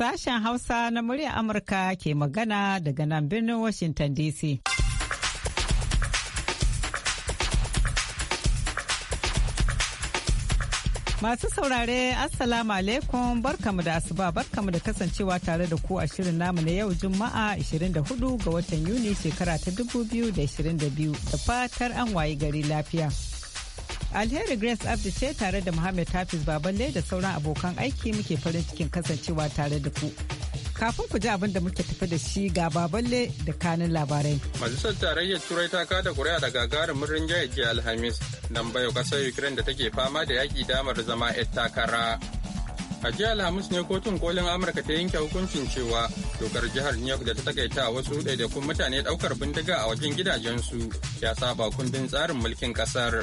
Sashen Hausa na murya Amurka ke magana daga nan birnin Washington DC. Masu saurare Assalamu alaikum barkamu da asuba barkamu da kasancewa tare da ku a shirin namu na yau Juma'a 24 ga watan Yuni shekara ta 2022 da fatar an wayi gari lafiya. Alheri Grace Abdi ce tare da Muhammad tafis Baballe da sauran abokan aiki muke farin cikin kasancewa tare da ku. Kafin ku ji abin da muke tafi da shi ga Baballe da kanin labarai. Majalisar Tarayyar Turai ta kada kuri'a da gagarumin rinjaye jiya Alhamis nan bayo kasar Ukraine da take fama da yaƙi damar zama 'yar takara. A jiya Alhamis ne kotun kolin Amurka ta yanke hukuncin cewa dokar jihar New York da ta takaita wasu ɗaiɗaikun mutane ɗaukar bindiga a wajen gidajensu ya saba kundin tsarin mulkin kasar.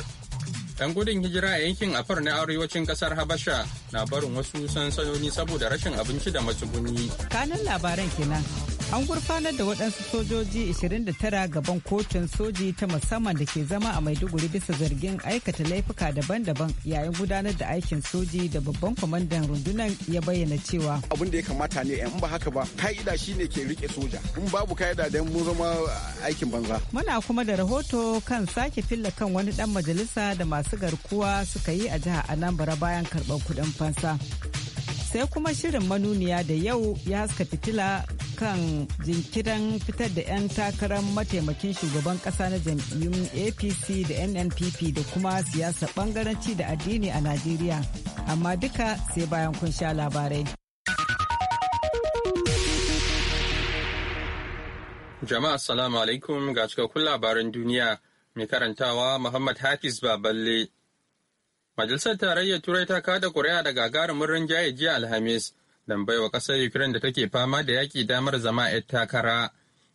'Yan gudun hijira a yankin Afar na arewacin kasar Habasha na barin wasu sansanoni saboda rashin abinci da matsuguni. Kanan labaran kenan. An gurfanar da waɗansu sojoji 29 gaban kotun soji ta musamman da ke zama a Maiduguri bisa zargin aikata laifuka daban-daban yayin gudanar da aikin soji da babban kwamandan rundunar ya bayyana cewa. Abin da ya kamata ne in ba haka ba ka'ida shi ne ke rike soja. In babu ka'ida da mun zama aikin banza. Muna kuma da rahoto kan sake filla kan wani dan majalisa da masu garkuwa suka yi a jihar Anambra bayan karɓar kuɗin fansa. sai kuma shirin manuniya da yau ya haska fitila kan jinkirin fitar da 'yan takarar mataimakin shugaban kasa na jam'iyyun apc da nnpp da kuma siyasa bangaranci da addini a najeriya amma duka sai bayan kun sha labarai jama'a assalamu alaikum ga cikakkun labaran duniya mai karantawa muhammad hafiz baballe Majalisar Tarayyar Turai ta kada ƙuri'a da gagarumin rinjaye jiya Alhamis don baiwa ƙasar Ukraine da take fama da yaƙi damar zama 'yar takara,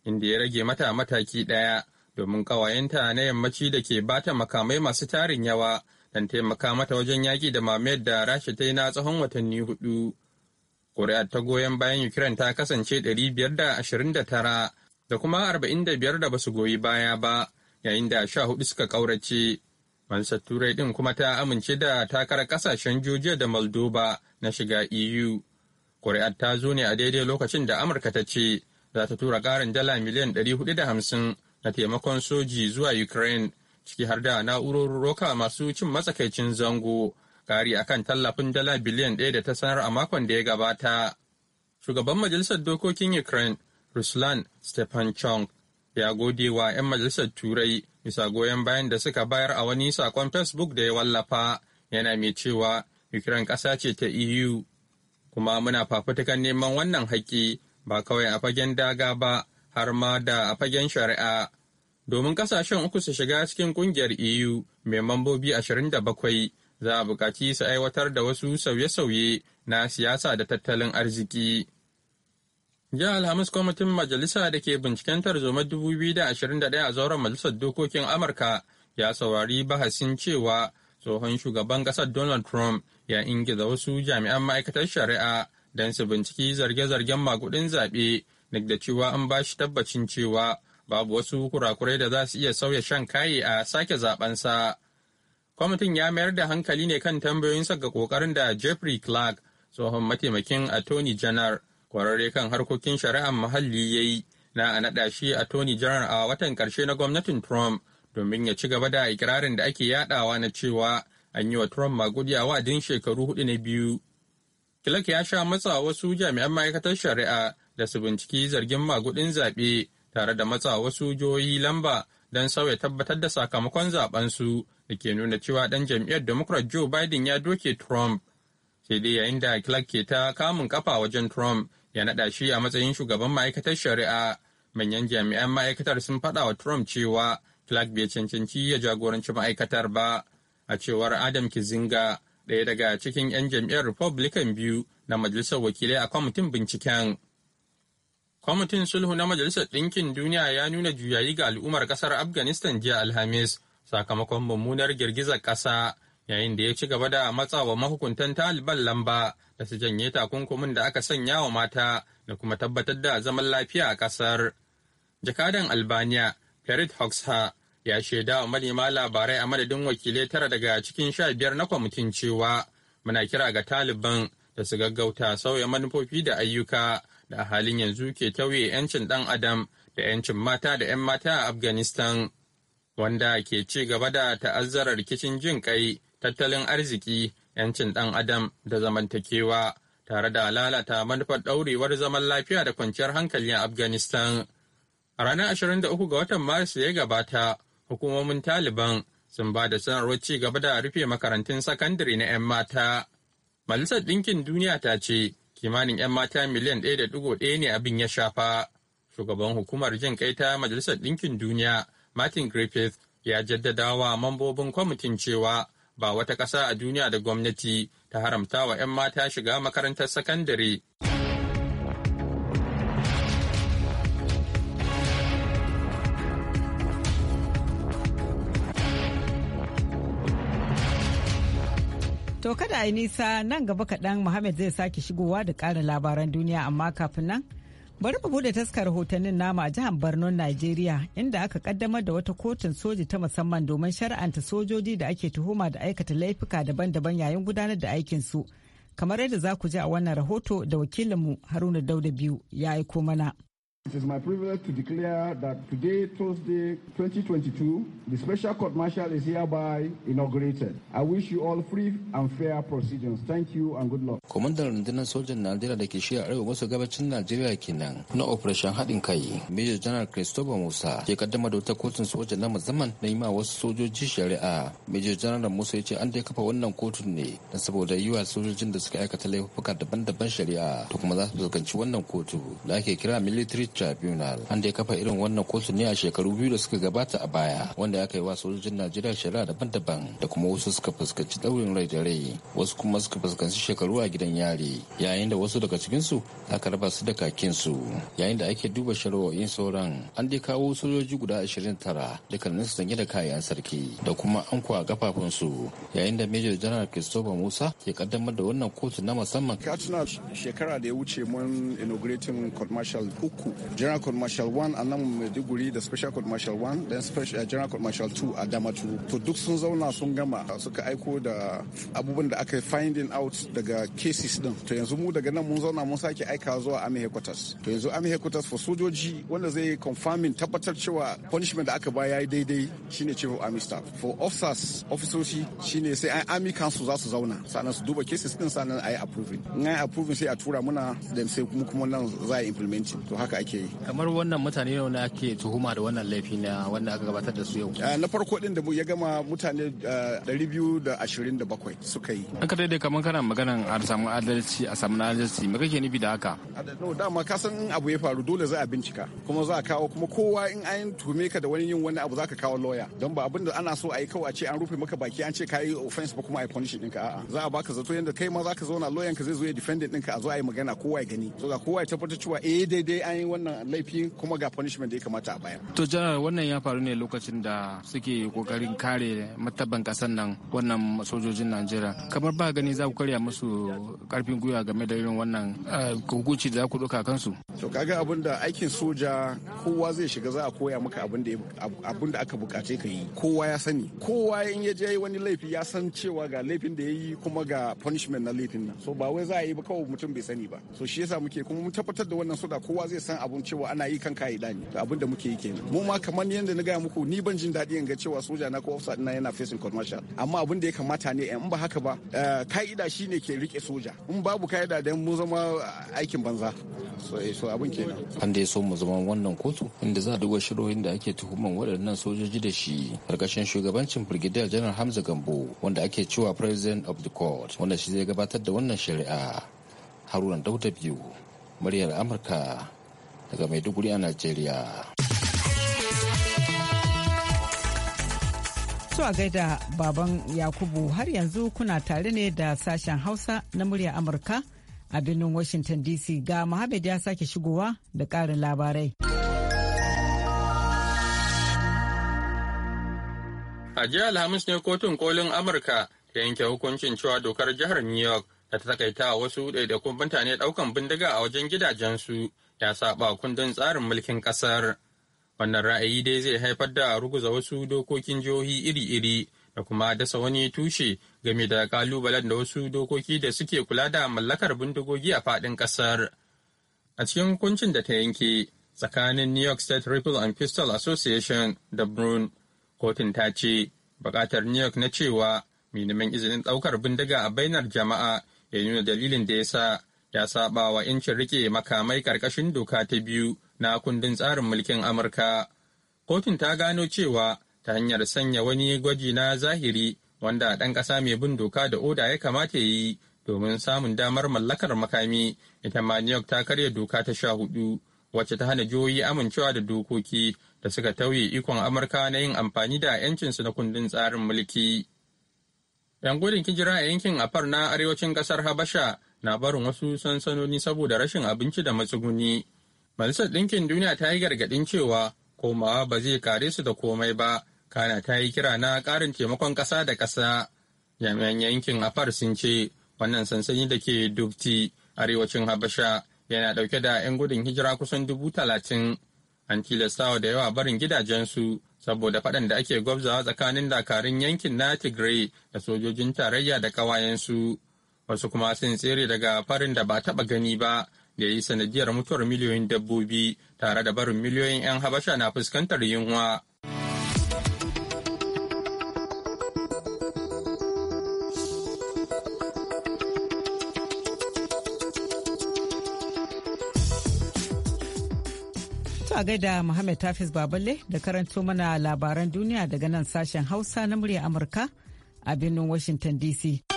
inda ya rage mata mataki ɗaya domin ƙawayenta na yammaci da ke bata makamai masu tarin yawa don taimaka mata wajen yaƙi da mamayar da Rasha ta yi na tsawon watanni hudu. Ƙuri'ar ta goyon bayan Ukraine ta kasance ɗari 529 da da tara kuma 45 da basu goyi baya ba, yayin da sha hudu suka ƙaurace. Fansar Turai ɗin kuma ta amince da takarar ƙasashen Georgia da Moldova na shiga EU. Ƙuri'ar ta zo ne a daidai lokacin da Amurka ta ce za ta tura ƙarin dala miliyan ɗari da hamsin na taimakon soji zuwa Ukraine, ciki har da na'urorin roka masu cin matsakaicin zango, ƙari akan tallafin dala biliyan ɗaya da ta sanar a makon da ya gabata. Shugaban Majalisar Dokokin Ukraine, Ruslan chong ya gode wa 'yan Majalisar Turai bisa goyon bayan da suka bayar a wani sakon facebook da ya wallafa yana mai cewa ukraine ƙasa ce ta eu kuma muna fafutukan neman wannan haƙƙi ba kawai a fagen daga ba har ma da a fagen shari'a domin ƙasashen uku su shiga cikin ƙungiyar eu mai mambobi 27 za a buƙaci su aiwatar da wasu sauye-sauye na siyasa da tattalin arziki. Jiya Alhamis kwamitin majalisa da ke binciken tarzoma 2021 a zauren majalisar dokokin Amurka ya saurari bahasin cewa tsohon shugaban ƙasar Donald Trump ya ingiza wasu jami'an ma'aikatar shari'a don su binciki zarge-zargen magudin zaɓe duk da cewa an ba shi tabbacin cewa babu wasu kurakurai da za su iya sauya shan kaye a sake zaɓensa. Kwamitin ya mayar da hankali ne kan tambayoyinsa ga ƙoƙarin da Jeffrey Clark, tsohon mataimakin Attorney General kwararre kan harkokin shari'ar muhalli ya yi na a naɗa shi a tony general a watan ƙarshe na gwamnatin trump domin ya ci gaba da ikirarin da ake yadawa na cewa an yi wa trump magudi a wa'adin shekaru hudu na biyu Clark ya sha matsa wasu jami'an ma'aikatar shari'a da su binciki zargin magudin zaɓe tare da matsa wasu jihohi lamba don sauya tabbatar da sakamakon zaɓensu da ke nuna cewa ɗan jam'iyyar Democrat Joe Biden ya doke Trump. Sai dai yayin da Clark ke ta kamun kafa wajen Trump ya naɗa shi a matsayin shugaban ma'aikatar shari'a manyan jami'an ma'aikatar sun faɗa wa trump cewa clark bai cancanci ya jagoranci ma'aikatar ba a cewar adam kizinga ɗaya daga cikin 'yan jam'iyyar republican biyu na majalisar wakilai a kwamitin binciken kwamitin sulhu na majalisar ɗinkin duniya ya nuna juyayi ga al'ummar ƙasar afghanistan jiya alhamis sakamakon mummunar girgizar ƙasa yayin da ya ci gaba da matsawa mahukuntan taliban lamba da su janye takunkumin da aka sanya wa mata da kuma tabbatar da zaman lafiya a kasar jakadan albania ferit hoxha ya shaida wa manema labarai a madadin wakilai tara daga cikin sha biyar na kwamitin cewa muna kira ga taliban da su gaggauta sauya manufofi da ayyuka da a halin yanzu ke tauye 'yancin ɗan adam da 'yancin mata da 'yan mata a afghanistan wanda ke ci gaba da ta'azzara rikicin jin kai tattalin arziki, 'yancin ɗan adam da zamantakewa, tare da lalata manufar ɗaurewar zaman lafiya da kwanciyar hankali a Afghanistan. A ranar 23 ga watan Maris ya gabata, hukumomin Taliban sun ba da sanarwar ci gaba da rufe makarantun sakandare na 'yan mata. Majalisar Ɗinkin Duniya ta ce kimanin 'yan mata miliyan 1.1 ne abin ya shafa. Shugaban hukumar jin kai ta Majalisar Ɗinkin Duniya, Martin Griffith, ya jaddada wa mambobin kwamitin cewa ba wata ƙasa a duniya da gwamnati ta haramta wa 'yan mata shiga makarantar sakandare. To kada a yi nisa nan gaba kaɗan Muhammad zai sake shigowa da ƙarin labaran duniya amma kafin nan Bari mu bude taskar rahotannin nama a jihar Borno, Najeriya, inda aka kaddamar da wata kotun soji ta musamman domin shari'anta sojoji da ake tuhuma da aikata laifuka daban-daban yayin gudanar da aikinsu. Kamar yadda za ku ji a wannan rahoto da wakilinmu Haruna Dauda biyu ya aiko mana. It is my privilege to declare that today, Thursday 2022, the special court martial is hereby inaugurated. I wish you all free and fair proceedings. Thank you and good luck. Kwamandan rundunar sojan Najeriya da ke shi a arewa maso gabacin Najeriya kenan na operation haɗin kai. Major General Christopher Musa ke kaddama da wata kotun soja na musamman na yi wasu sojoji shari'a. Major General Musa ya ce an dai kafa wannan kotun ne na saboda yiwa sojojin da suka aikata laifuka daban-daban shari'a to kuma za su fuskanci wannan kotu da ake kira military tribunal an da ya kafa irin wannan kotun ne a shekaru biyu da suka gabata a baya wanda aka yi wa sojojin najeriya shari'a daban-daban da kuma wasu suka fuskanci daurin rai da rai wasu kuma suka fuskanci shekaru a gidan yari yayin da wasu daga cikinsu aka raba su da kakinsu yayin da ake duba shari'o'in sauran an dai kawo sojoji guda ashirin tara dukkanin su sanye da kayan sarki da kuma an kuwa kafafunsu yayin da major general christopher musa ke kaddamar da wannan kotu na musamman ka tuna shekara da ya wuce mun inaugurating court martial uku general court marshal 1 a nan maiduguri da special court marshal 1 da eh, general court marshal 2 a damaturu to duk sun zauna sun gama suka aiko da abubuwan da aka finding out daga cases din to yanzu mu daga nan mun zauna mun sake aika zuwa army headquarters to yanzu army headquarters for sojoji wanda zai confirming tabbatar cewa punishment da aka ba yi daidai shine chief of army staff for officers ofisoshi shine sai an army council za su zauna sannan su duba cases din sannan ayi approving in ayi approving sai a tura muna dan sai kuma nan za a implementing to haka ake ake yi kamar wannan mutane ne ake tuhuma da wannan laifi na wanda aka gabatar da su yau ah, na farko din da ya gama mutane 227 ah, suka yi an ka daidai kamar kana maganan a samu adalci a samu adalci me kake nufi da haka dama ka san in abu ya faru dole za a bincika kuma za a kawo kuma kowa in an tuhume ka da wani yin wani abu za ka kawo lawyer don ba abin da ana so a yi kawai a ce an rufe maka baki an ce ka yi offense ba kuma a yi punish ɗinka a'a za a baka zato yadda kai ma za ka zauna lawyer ka zai zo ya defendant ɗinka a zo a yi magana kowa ya gani so ga kowa ya tabbatar cewa eh daidai an yi wannan laifi kuma ga punishment da ya kamata a bayar. To janar wannan ya faru ne lokacin da suke kokarin kare martaban kasar nan wannan sojojin Najeriya. Kamar ba gani za ku karya musu karfin gwiwa game da irin wannan eh, hukunci da za ku ɗauka kansu. To kaga abin da aikin soja kowa zai shiga za a koya maka abin da aka bukace ka yi. Kowa ya sani. Kowa in ya je wani laifi ya san cewa ga laifin da ya yi kuma ga punishment na laifin nan. So ba wai za a yi ba kawai mutum bai sani ba. So shi yasa muke kuma mun tabbatar da wannan soja kowa zai san abu abun cewa ana yi kan kayi dani abin da muke yi kenan mu ma kamar yadda na gaya muku ni ban jin daɗi in ga cewa soja na ko officer ina yana facing commercial amma abin da ya kamata ne eh, in ba haka ba eh, ka'ida shine ke rike soja in babu ka'ida dan mu zama eh, aikin banza so abin kenan an da so mu zama wannan kotu inda za a duba shirohin da ake tuhuman waɗannan sojoji da shi karkashin shugabancin brigadier general hamza gambo wanda ake cewa president of the court wanda shi zai gabatar da wannan shari'a haruna dauda biyu muryar amurka daga Maiduguri a Najeriya. su a gaida baban Yakubu har yanzu kuna tare ne da sashen Hausa na murya Amurka a birnin Washington DC ga Muhammad ya sake shigowa da ƙarin labarai. A jiya Alhamis ne kotun kolin Amurka ta yanke hukuncin cewa dokar jihar New York da ta takaita wasu ɗaiɗaikun mutane ɗaukan bindiga a wajen gidajensu ya saba kundin tsarin mulkin kasar wannan ra'ayi dai zai haifar da ruguza wasu dokokin jihohi iri-iri da kuma dasa wani tushe game da kalubalen da wasu dokoki da suke kula da mallakar bindigogi a faɗin ƙasar. A cikin hukuncin da ta yanke tsakanin New York State Rifle and Pistol Association da Brun, kotun ta ce buƙatar New York na cewa mai izinin ɗaukar bindiga a bainar jama'a ya nuna dalilin da ya sa ya saba wa 'yancin rike makamai ƙarƙashin doka ta biyu na kundin tsarin mulkin Amurka. Kotun ta gano cewa ta hanyar sanya wani gwaji na zahiri wanda ɗan ƙasa mai bin doka da oda ya kamata ya yi domin samun damar mallakar makami ita ma New York ta karya doka ta sha hudu wacce ta hana jihohi amincewa da dokoki da suka tauye ikon Amurka na yin amfani da 'yancinsu na kundin tsarin mulki. 'Yan gudun kijira a yankin Afar na arewacin kasar Habasha na barin wasu sansanoni saboda rashin abinci da matsuguni. Majalisar Ɗinkin Duniya ta yi gargaɗin cewa komawa ba zai kare su da komai ba, kana ta yi kira na ƙarin taimakon ƙasa da ƙasa. Jami'an yankin Afar sun ce wannan sansani da ke Dubti, arewacin Habasha, yana ɗauke da 'yan gudun hijira kusan dubu talatin. An tilastawa da yawa barin gidajensu saboda faɗan da ake gwabzawa tsakanin dakarun yankin na Tigray da sojojin tarayya da ƙawayensu. wasu kuma sun tsere daga farin da ba taɓa gani ba da yi sanadiyar mutuwar miliyoyin dabbobi tare da barin miliyoyin 'yan habasha na fuskantar yunwa. a gaida Muhammad Tafis Baballe da karanto mana labaran duniya daga nan sashen Hausa na murya Amurka a birnin Washington DC.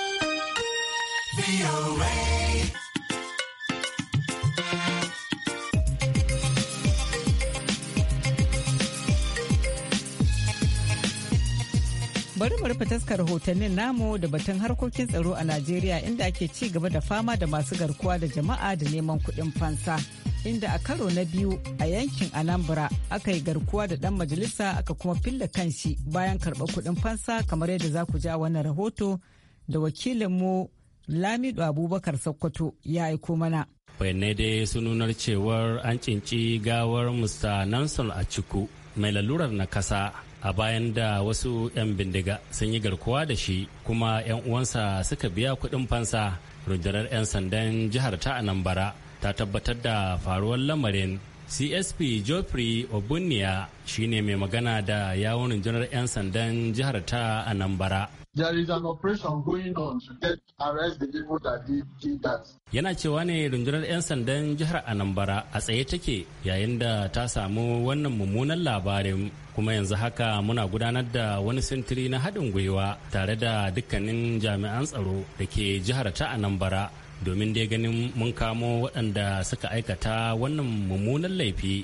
bari mu rufe taskar hotonnin namu da batun harkokin tsaro a najeriya inda ake ci gaba da fama da masu garkuwa da jama'a da neman kuɗin fansa inda a karo na biyu a yankin anambra aka yi garkuwa da dan majalisa aka kuma filla kanshi bayan karɓar kuɗin fansa kamar yadda za ku ja wani rahoto da wakilinmu lamidu Abubakar Sokoto ya aiko mana. Bayanai dai sun nunar cewar an cinci gawar Mr. Nanson a ciku mai lalurar na kasa a bayan da wasu 'yan bindiga sun yi garkuwa da shi kuma 'yan uwansa suka biya kuɗin fansa rundunar 'yan sandan jihar ta anambara ta tabbatar da faruwar lamarin csp geoffrey obunia shine mai magana da yawon rundunar 'yan sandan jihar ta anambara there is an operation going on to get arrest the people that did, did that. Yana cewa ne rundunar 'yan sandan jihar anambara a tsaye take yayin da ta samu wannan mummunan labarin kuma yanzu haka muna gudanar da wani sintiri na haɗin gwiwa tare da dukkanin jami'an tsaro da ke jihar ta anambara domin dai ganin mun kamo waɗanda suka aikata wannan mummunan laifi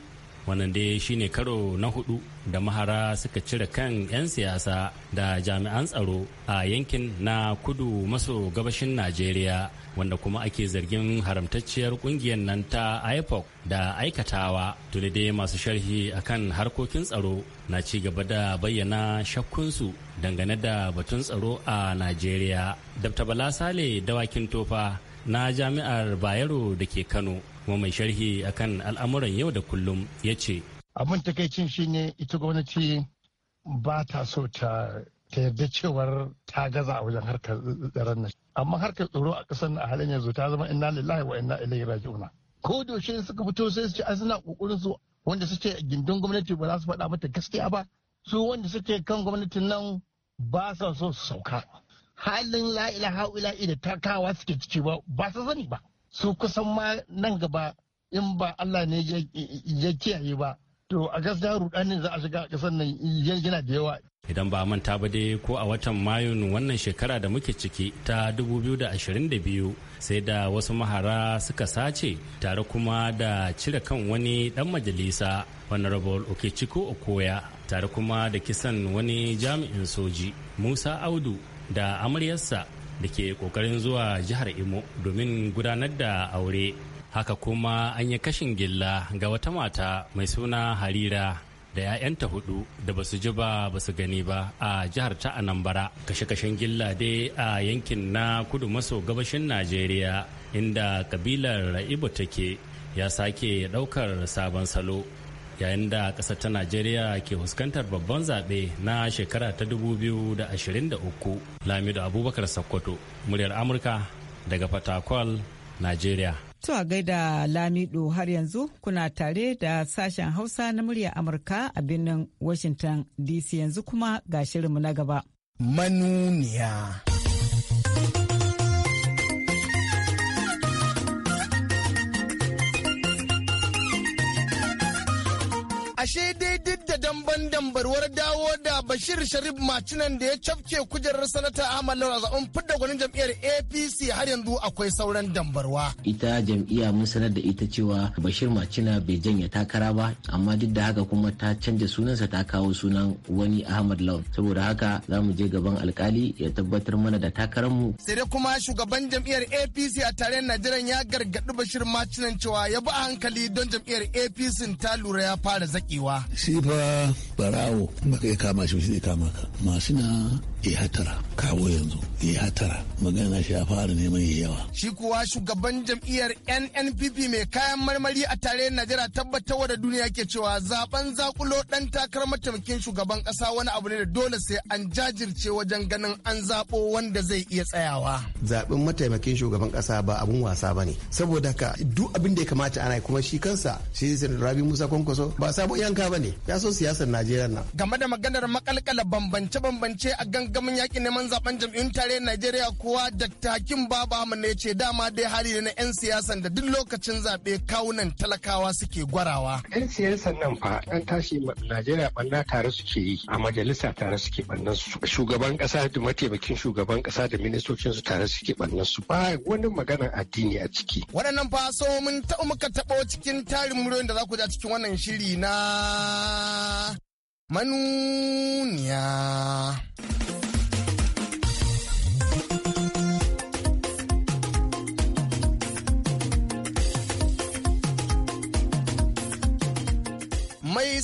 wannan dai shine karo na hudu da mahara suka cire kan 'yan siyasa da jami'an tsaro a yankin na kudu maso gabashin najeriya wanda kuma ake zargin haramtacciyar kungiyar nan ta ipoc da aikatawa tuni dai masu sharhi akan harkokin tsaro na ci gaba da bayyana shakkunsu dangane da batun tsaro a najeriya dr bala sale dawakin tofa na jami'ar bayero da ke kano kuma mai sharhi akan al'amuran yau da kullum ya ce abin takaicin ne ita gwamnati ba ta so ta yarda cewar ta gaza a wajen harkar tsaron nan amma harkar tsoro a ƙasar a halin yanzu ta zama inna lillahi wa inna ilaihi raji'una ko da suka fito sai su ce an suna kokarin su wanda suke gindin gwamnati ba za su faɗa mata gaskiya ba su wanda suke kan gwamnatin nan ba sa so su sauka halin Laila ilaha da takawa suke ciki ba ba su sani ba su kusan ma nan gaba in ba Allah ne ya kiyaye ba to a gaskiya rudanin za a shiga kasar nan yana da yawa idan ba manta ba dai ko a watan mayun wannan shekara da muke ciki ta 2022 sai da wasu mahara suka sace tare kuma da cire kan wani dan majalisa honorable okechiko okoya tare kuma da kisan wani jami'in soji musa audu da amaryarsa da ke kokarin zuwa jihar imo domin gudanar da aure haka kuma an yi kashin gilla ga wata mata mai suna harira da 'ya'yanta hudu da basu ji ba basu gani ba a jihar ta anambra kashe-kashen gilla dai a yankin na kudu maso gabashin najeriya inda kabilar ibo take ya sake daukar sabon salo yayin da ƙasar ta najeriya ke fuskantar babban zaɓe na shekara ta 2023 lamido abubakar sakkwato muryar amurka daga fatakwal najeriya to a gaida lamido har yanzu kuna tare da sashen hausa na muryar amurka a birnin washington dc yanzu kuma ga shirinmu na gaba manuniya ashe did duk ta damban dambarwar dawo da Bashir Sharif Macinan da ya cafke kujerar sanata Ahmad Laura zaɓen fidda gwanin jam'iyyar APC har yanzu akwai sauran dambarwa. Ita jam'iyya mun sanar da ita cewa Bashir Macina bai janye takara ba amma duk da haka kuma ta canza sunansa ta kawo sunan wani Ahmad lawal saboda haka za mu je gaban alkali ya tabbatar mana da takarar mu Sai dai kuma shugaban jam'iyyar APC a tarayyar Najeriya ya gargadi Bashir Macinan cewa ya bi hankali don jam'iyyar APC ta lura ya fara zakewa. Shi fa ɓarawo ba ka iya kama shi zai kama ka masu na ya hatara kawo yanzu ya hatara magana shi ya fara neman ya yawa. Shi kuwa shugaban jam'iyyar NNPP mai kayan marmari a tare Najeriya tabbatar da duniya ke cewa zaben zakulo dan takarar mataimakin shugaban kasa wani abu ne da dole sai an jajirce wajen ganin an zabo wanda zai iya tsayawa. Zaben mataimakin shugaban kasa ba abun wasa ba ne saboda ka duk abin da ya kamata ana kuma shi kansa shi sai Rabi Musa Kwankwaso ba sabon yanka ba ne ya so siyasar Najeriya na. Game da maganar makalkala bambance-bambance a ganga. gangamin yakin neman zaben jam'iyyun tare Najeriya kuwa da Hakim Baba mu ne ce dama dai hari na 'yan siyasan da duk lokacin zaɓe kawunan talakawa suke gwarawa. 'Yan siyasan nan fa an tashi Najeriya banna tare suke yi a majalisa tare suke bannan su. Shugaban kasa da mataimakin shugaban kasa da ministocin su tare suke bannan su ba wani maganar addini a ciki. Waɗannan fa so mun taɓa muka taɓo cikin tarin muryoyin da za ku ja cikin wannan shiri na manuniya.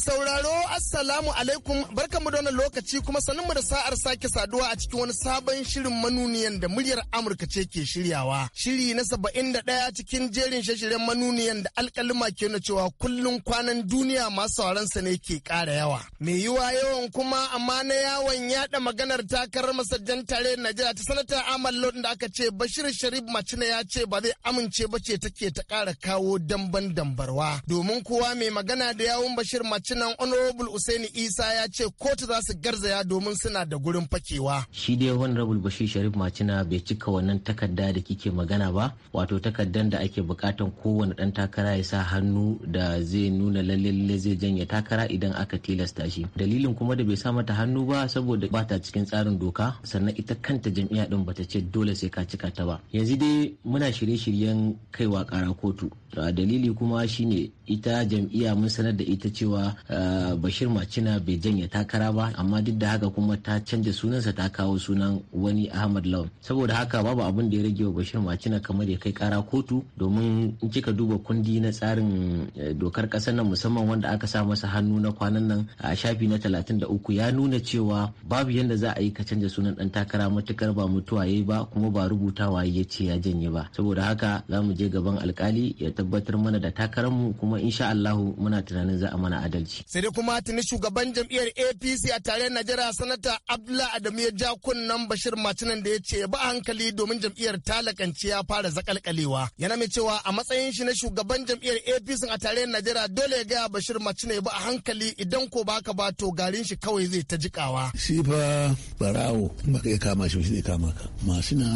sauraro Assalamu alaikum barkamu da wannan lokaci kuma sanin mu da sa'ar sake saduwa a cikin wani sabon shirin manuniyan da muryar Amurka ce ke shiryawa. Shiri na saba'in da ɗaya cikin jerin shashiren manuniyan da alƙalima ke na cewa kullum kwanan duniya masu sauransa ne ke ƙara yawa. Me yiwa yawan kuma amma na yawon yaɗa maganar takarar masajjan tare Najeriya ta sanata Ahmad Lodin da aka ce Bashir Sharif Macina ya ce ba zai amince ba ce take ta ƙara kawo damban dambarwa. Domin kowa mai magana da yawun Bashir Macinan Honorable Hussaini Isa ya ce kotu za su garzaya domin suna da gurin fakewa. Shi dai Honorable Bashir Sharif Macina bai cika wannan takarda da kike magana ba, wato takardan da ake bukatan kowane ɗan takara ya sa hannu da zai nuna lalle lalle zai janya takara idan aka tilasta shi. Dalilin kuma da bai sa mata hannu ba saboda bata cikin tsarin doka, sannan ita kanta jam'iyya din bata ce dole sai ka cika ta ba. Yanzu dai muna shirye-shiryen kaiwa kara kotu. Dalili kuma shine ita jam'iyya mun sanar da ita cewa uh, bashir macina bai janye takara ba amma duk da haka kuma ta canja sunansa ta kawo sunan wani ahmad law saboda haka babu abin da ya rage wa bashir macina kamar ya kai kara kotu domin in kika duba kundi na tsarin eh, dokar kasar nan musamman wanda aka sa masa hannu na kwanan nan a shafi na talatin da uku ya nuna cewa babu yadda za a yi ka canja sunan dan takara matukar ba mutuwa yayi ba kuma ba rubuta waye ya ce ya janye ba saboda haka za mu je gaban alkali ya tabbatar mana da takararmu kuma kuma insha Allah muna tunanin za a mana adalci. Sai dai kuma tuni shugaban jam'iyyar APC a tarayyar Najeriya sanata Abdullahi Adamu ya ja kunnan Bashir Matinan da ya ce ba hankali domin jam'iyyar talakanci ya fara zakalkalewa. Yana mai cewa a matsayin shi na shugaban jam'iyyar APC a tarayyar Najeriya dole ya gaya Bashir Matinan ya ba a hankali idan ko ba ka ba to garin shi kawai zai ta jikawa. Shi fa barawo ba iya kama shi ne kama ka. Masu na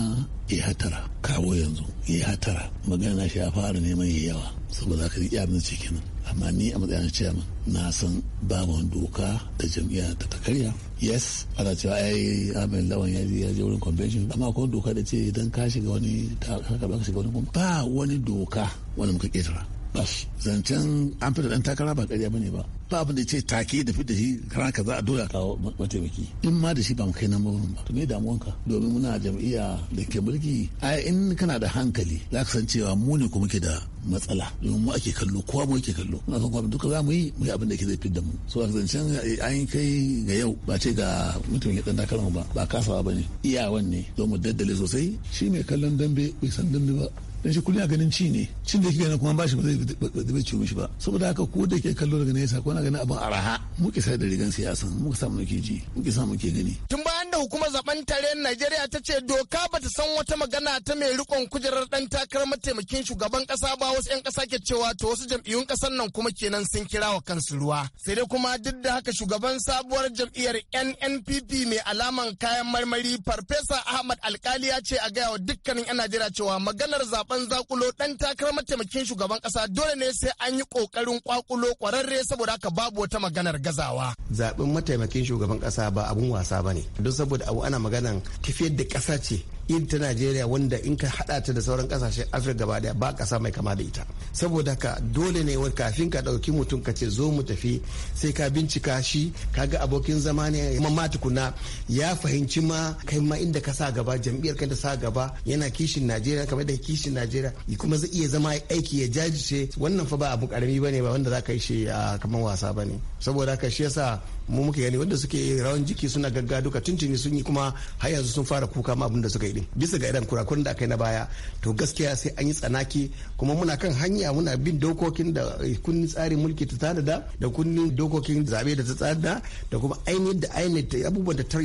ya hatara kawo yanzu ya hatara magana shi ya fara neman yawa saboda ka iya ce kenan amma ni a matsayin chairman na san babu doka da jam'iyya ta ta karya yes ana cewa ai amin lawan ya je ya wurin convention amma akwai doka da ce idan ka shiga wani ta ka shiga wani ba wani doka wani muka ketara bas zancen an fita dan takara ba ƙarya bane ba ba abin da ce take da fita shi kana ka za a dole kawo mataimaki in ma da shi ba mu kai nan ba to me damuwanka domin muna jam'iyya da ke mulki ai in kana da hankali za ka san cewa mu ne kuma ke da matsala domin mu ake kallo kowa mu yake kallo muna son kuma duka za mu yi mu yi abin da ke zai fidda da mu so zancen eh, an kai ga yau ba ce ga mutum dan takarar ba ba kasawa ba ne iyawan ne don mu daddale sosai shi mai kallon dambe bai san dambe ba don shi kullum a ganin ci ne cin da yake ganin kuma bashi ba zai bai ciwo mishi ba saboda haka ko da ke kallo daga nesa ko na ganin abin araha muke sai da rigan siyasa muke samu muke ji muke samu muke gani tun bayan da hukumar zaben tarayyar Najeriya ta ce doka bata san wata magana ta mai rikon kujerar dan takarar mataimakin shugaban kasa ba wasu yan kasa ke cewa to wasu jam'iyyun kasar nan kuma kenan sun kira wa kansu ruwa sai dai kuma duk da haka shugaban sabuwar jam'iyyar NNPP mai alaman kayan marmari farfesa Ahmad Alkali ya ce a gaya wa dukkanin 'yan Najeriya cewa maganar zaben zaben zakulo dan takarar mataimakin shugaban kasa dole ne sai an yi kokarin kwakulo kwararre saboda haka babu wata maganar gazawa zaben mataimakin shugaban kasa ba abun wasa bane don saboda abu ana maganan tafiyar da kasa ce iri ta najeriya wanda in ka hada ta da sauran kasashen afirka gaba daya ba kasa mai kama da ita saboda ka dole ne wani kafin ka dauki mutum ka ce zo mu tafi sai ka bincika shi ka ga abokin zama ne ma tukuna ya fahimci ma kai ma inda ka sa gaba jam'iyyar ka da sa gaba yana kishin najeriya kamar da kishin najeriya kuma zai iya zama aiki ya jajice wannan fa ba abu karami bane ba wanda za ka yi shi ah, kamar wasa bane saboda ka shi yasa mu muka gani wanda suke rawan jiki suna gagga duka tuntuni sun yi kuma har yanzu sun fara kuka ma abinda suka yi din bisa ga irin kurakun da aka yi na baya to gaskiya sai an yi tsanaki kuma muna kan hanya muna bin dokokin da eh, kunnin tsarin mulki ta tada da kunnin dokokin zabe da ta tsada da kuma ainihin da ainihin abubuwan da ta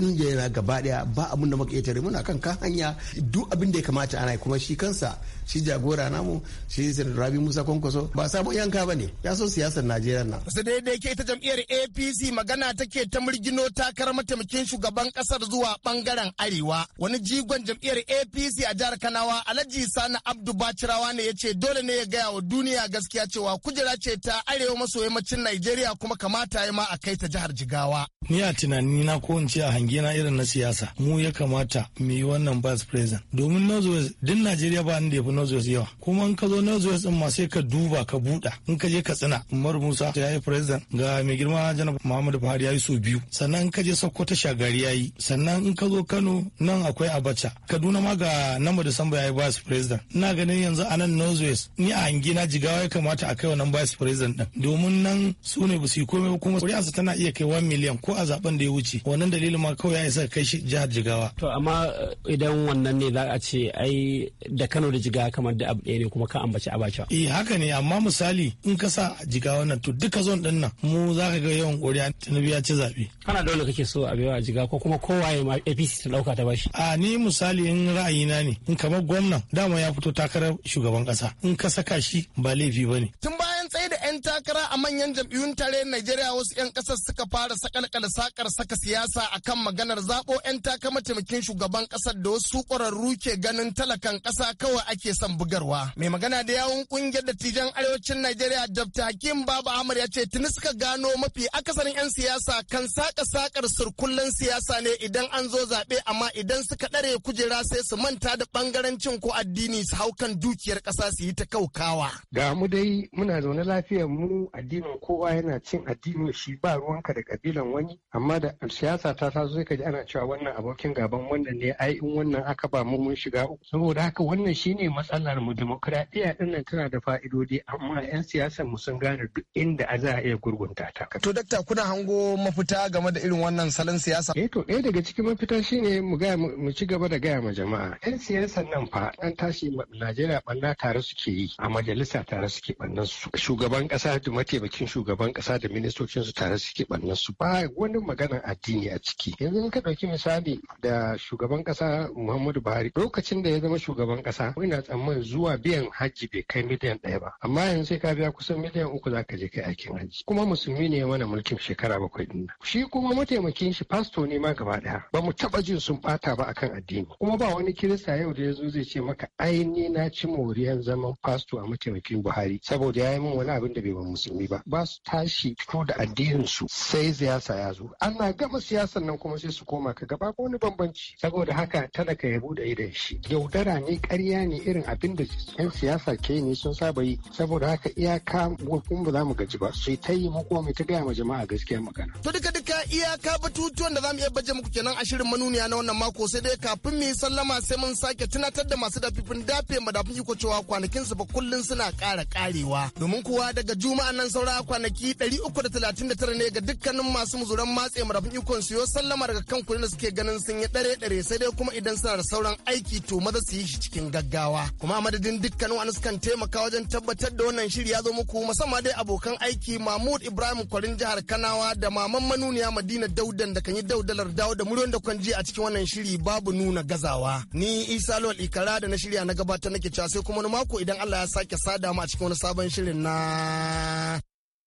na gaba daya ba abin da muka yi tare muna kan kan hanya duk abinda ya kamata ana kuma shi kansa shi jagora namu shi Senator Rabi Musa Kwankwaso ba sabon yanka ba ya so siyasar Najeriya na. Wasu daidai ke ita jam'iyyar APC magana take ta murgino takarar mataimakin shugaban kasar zuwa bangaren Arewa wani jigon jam'iyyar APC a jihar Kanawa Alhaji Sani Abdu Bacirawa ne ya ce dole ne ya gaya wa duniya gaskiya cewa kujera ce ta Arewa maso yammacin Najeriya kuma kamata ya ma a kai ta jihar Jigawa. Ni a tunani na ko ce a hange na irin na siyasa mu ya kamata mu yi wannan vice president domin Northwest din Najeriya ba da yafi fi yawa kuma in ka zo Northwest din ma ka duba ka buɗa in ka je Katsina Umar Musa ya yi president ga mai girma Janar Muhammadu Buhari ya yi so biyu sannan in ka je Sokoto Shagari ya yi sannan in ka zo Kano nan akwai Abacha Kaduna ma ga Namba Disamba ya yi vice president ina ganin yanzu a nan Northwest ni a hange na jigawa ya kamata a kai wannan vice president din domin nan su ne ba su yi komai kuma kuri'arsa tana iya kai 1 million. ko a zaben da ya wuce wannan dalilin ma kawai ya isa kai shi jihar jigawa to amma eh, idan wannan ne za a ce ai da kano da jigawa kamar da abu ɗaya ne kuma ka ambaci abacha eh haka ne amma misali in ka sa jigawa nan to duka zon din nan mu za ka ga yawan ƙuri'a na biya ci zaɓe kana dole kake so a baiwa Jiga ko kuma kowa ya ma apc ta ɗauka ta bashi a ni misali in na ne in kamar gwamnan dama ya fito takarar shugaban kasa in ka saka shi ba laifi bane tun baya bayan tsaye da 'yan takara a manyan jam'iyyun tare Najeriya wasu 'yan ƙasar suka fara sakalkala sakar saka siyasa a akan maganar zaɓo 'yan takama mataimakin shugaban ƙasar da wasu ƙwararru ke ganin talakan ƙasa kawai ake son bugarwa. Mai magana da yawun ƙungiyar dattijan arewacin Najeriya Dr. Hakim Baba Ahmad ya ce tuni suka gano mafi akasarin 'yan siyasa kan saka sakar surkullen siyasa ne idan an zo zaɓe amma idan suka ɗare kujera sai su manta da ɓangarancin ko addini su hau kan dukiyar ƙasa su yi ta kaukawa. Ga mu dai muna zaune lafiya mu addinin kowa yana cin addinin shi ba ruwanka da kabilan wani amma da siyasa ta ta zai kaji ana cewa wannan abokin gaban wannan ne ai in wannan aka ba mu mun shiga uku saboda haka wannan shine matsalar mu demokradiya dinnan tana da fa'idodi amma yan siyasar mu sun gane duk inda a za a iya gurgunta ta to dakta kuna hango mafita game da irin wannan salon siyasa eh to ɗaya daga cikin mafita shine mu ga mu ci gaba da gaya ma jama'a yan siyasar nan fa an tashi Najeriya banna tare suke yi a majalisa tare suke bannan su shugaban kasa da mataimakin shugaban kasa da ministocin su tare suke bannan su ba wani magana addini a ciki yanzu ka dauki misali da shugaban kasa Muhammadu Buhari lokacin da ya zama shugaban kasa ina tsamman zuwa biyan hajji bai kai miliyan ɗaya ba amma yanzu sai ka biya kusan miliyan uku za je kai aikin hajji kuma musulmi ne mana mulkin shekara bakwai din shi kuma mataimakin shi fasto ne ma gaba ɗaya ba mu taba jin sun bata ba akan addini kuma ba wani kirista yau da ya zo zai ce maka aini na ci moriyan zaman fasto a mataimakin Buhari saboda ya yi yin wani abin da bai ba musulmi ba ba su tashi fito da addinin su sai siyasa ya zo ana gama siyasan nan kuma sai su koma ka gaba ko wani bambanci saboda haka talaka ya bude idan shi yaudara ne ƙarya ne irin abin da yan siyasa ke ne sun saba yi saboda haka iyaka kuma ba za mu gaji ba sai ta yi mu kuma ta gaya ma jama'a gaskiya magana to duka duka iya iyaka batutuwan da za mu iya baje muku kenan a shirin manuniya na wannan mako sai dai kafin mu yi sallama sai mun sake tunatar da masu dafifin dafe dafin iko cewa kwanakin su ba kullun suna ƙara ƙarewa domin kuwa daga juma'a nan saura kwanaki 339 ne ga dukkanin masu muzuran matse dafin iko su yo sallama daga kan kullun da suke ganin sun yi dare dare sai dai kuma idan suna da sauran aiki to maza su yi shi cikin gaggawa kuma madadin dukkanin wani sukan taimaka wajen tabbatar da wannan shiri ya zo muku musamman dai abokan aiki Mahmud Ibrahim Kwarin jihar Kanawa da Maman Manuniya Madina Daudan da kan yi daudalar dawo da muryoyin da kwanji ji a cikin wannan shiri babu nuna gazawa. Ni Isa Lawal Ikara da na shirya na gabata nake cewa sai kuma wani mako idan Allah ya sake sada mu a cikin wani sabon shirin na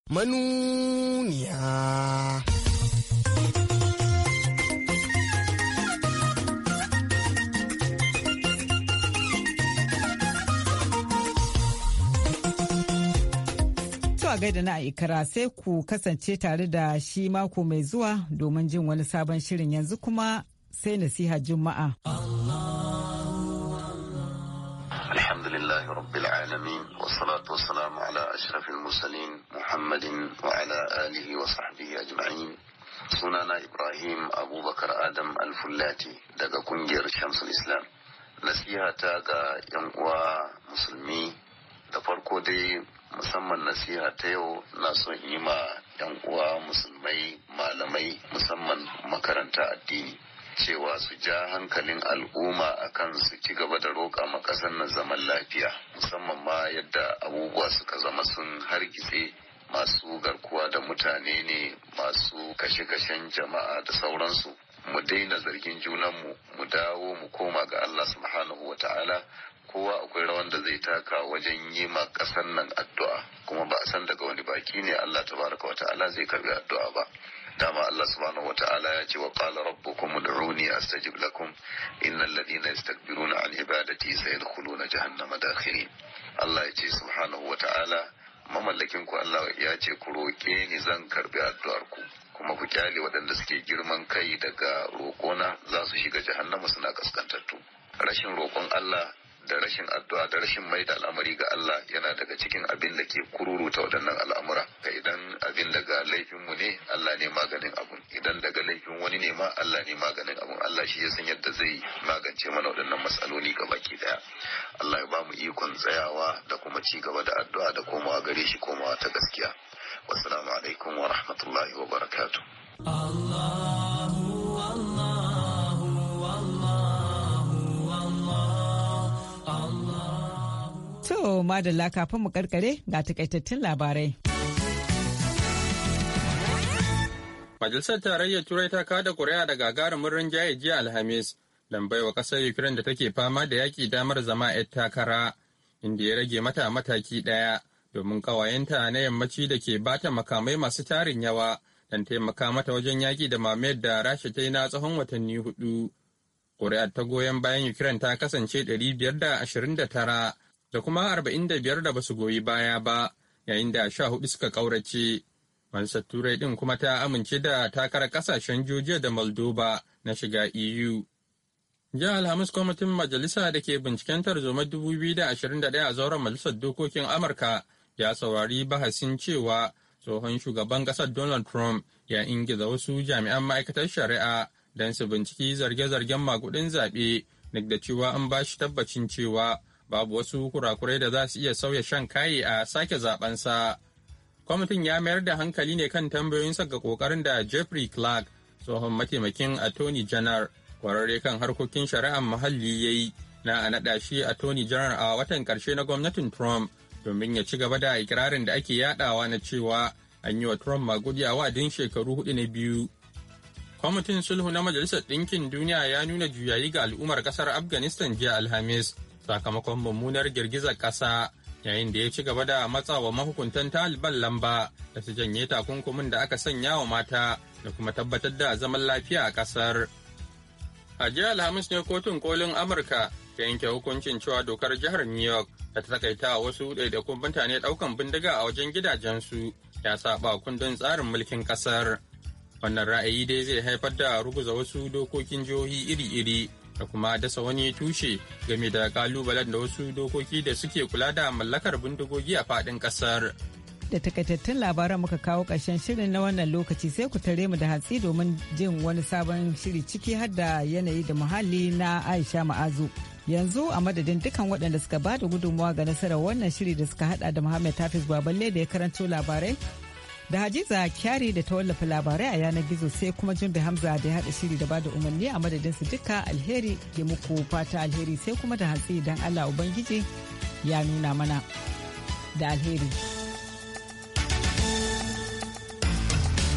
manuniya. a gaida na ikara sai ku kasance tare da shi mako mai zuwa domin jin wani sabon shirin yanzu kuma sai nasiha juma'a. Sunana Ibrahim Abubakar Adam Alfullati daga kungiyar Shamsul Islam. Nasiha ta ga 'yan uwa musulmi da farko dai musamman nasiha ta yau na son yi ma 'yan uwa musulmai malamai musamman makaranta addini cewa su ja hankalin al'umma a kan su ci gaba da roƙa ma na zaman lafiya musamman ma yadda abubuwa suka zama sun hargitse masu garkuwa da mutane ne masu kashe-kashen jama'a da sauransu mu daina zargin junanmu mu dawo mu koma ga Allah subhanahu wa ta'ala kowa akwai rawan da zai taka wajen yi ma ƙasar nan addu'a kuma ba a san daga wani baki ne Allah tabaraka wa ta'ala zai karbi addu'a ba dama Allah subhanahu ta'ala ya ce wa qala rabbukum ud'uni astajib lakum innal ladina yastakbiruna an ibadati sayadkhuluna jahannama dakhirin Allah ya ce subhanahu wa ta'ala, mamallakin ku Allah ya ce ku roke ni zan karbi addu'ar ku kuma ku kyale waɗanda suke girman kai daga roƙona za su shiga jahannama suna kaskantattu rashin roƙon Allah da rashin addu'a da rashin mai da al'amari ga Allah yana daga cikin abin da ke kururuta waɗannan al'amura ka idan abin daga laifinmu ne Allah ne maganin abun idan daga laifin wani ne ma Allah ne maganin abun Allah shi ya san yadda zai magance mana waɗannan matsaloli gaba baki daya Allah ya ba mu ikon tsayawa da kuma ci gaba da addu'a da komawa gare shi komawa ta gaskiya wassalamu alaikum wa rahmatullahi wa barakatuh Allah To madalla kafin mu karkare ga takaitattun labarai. Majalisar Tarayyar Turai ta kada kuri'a da gagarumin rinjaye jiya Alhamis don baiwa ƙasar Ukraine da take fama da yaƙi damar zama 'yar takara, inda ya rage mata mataki ɗaya domin ƙawayenta na yammaci da ke bata makamai masu tarin yawa don taimaka mata wajen yaki da mamayar da Rasha ta yi na tsawon watanni hudu. Kuri'ar ta goyon bayan Ukraine ta kasance 529 da kuma 45 da basu goyi baya ba yayin da sha hudu suka kaurace Mansar Turai din kuma ta amince da takarar kasashen Georgia da Moldova na shiga EU. Jiya Alhamis kwamitin majalisa da ke binciken tarzoma 2021 a zauren majalisar dokokin Amurka ya saurari bahasin cewa tsohon shugaban kasar Donald Trump ya ingiza wasu jami'an ma'aikatar shari'a don su binciki zarge-zargen magudin zaɓe duk da cewa an ba shi tabbacin cewa babu wasu kurakurai da za su iya sauya shan kaye a sake zabensa. Kwamitin ya mayar da hankali ne kan tambayoyinsa ga kokarin da Jeffrey Clark, tsohon mataimakin Attorney janar kwararre kan harkokin shari'ar muhalli ya yi na a naɗa shi Attorney janar a watan karshe na gwamnatin Trump domin ya ci gaba da ikirarin da ake yadawa na cewa an yi wa Trump magudi a wa'adin shekaru hudu na biyu. Kwamitin sulhu na Majalisar Ɗinkin Duniya ya nuna juyayi ga al'ummar ƙasar Afghanistan jiya Alhamis sakamakon mummunar girgizar ƙasa yayin da ya ci gaba da matsawa mahukuntan taliban lamba da su janye takunkumin da aka sanya wa mata da kuma tabbatar da zaman lafiya a ƙasar. A jiya Alhamis ne kotun kolin Amurka ta yanke hukuncin cewa dokar jihar New York da ta takaita wasu ɗaiɗaikun mutane ɗaukan bindiga a wajen gidajensu ya saba kundin tsarin mulkin ƙasar. Wannan ra'ayi dai zai haifar da ruguza wasu dokokin jihohi iri-iri da kuma dasa wani tushe game da kalubalen da wasu dokoki da suke kula da mallakar bindigogi a fadin kasar. Da takaitattun labaran muka kawo ƙarshen shirin na wannan lokaci sai ku tare mu da hatsi domin jin wani sabon shiri ciki har da yanayi da muhalli na Aisha Ma'azu. Yanzu a madadin dukkan waɗanda suka bada da gudunmawa ga nasarar wannan shiri da suka hada da Muhammad Hafiz Baballe da ya karanto labarai da Hadiza Kyari da ta wallafa labarai a yanar gizo sai kuma da Hamza da ya haɗa shiri da bada umarni a madadin su duka alheri ke muku fata alheri sai kuma da hantsi don Allah Ubangiji ya nuna mana da alheri.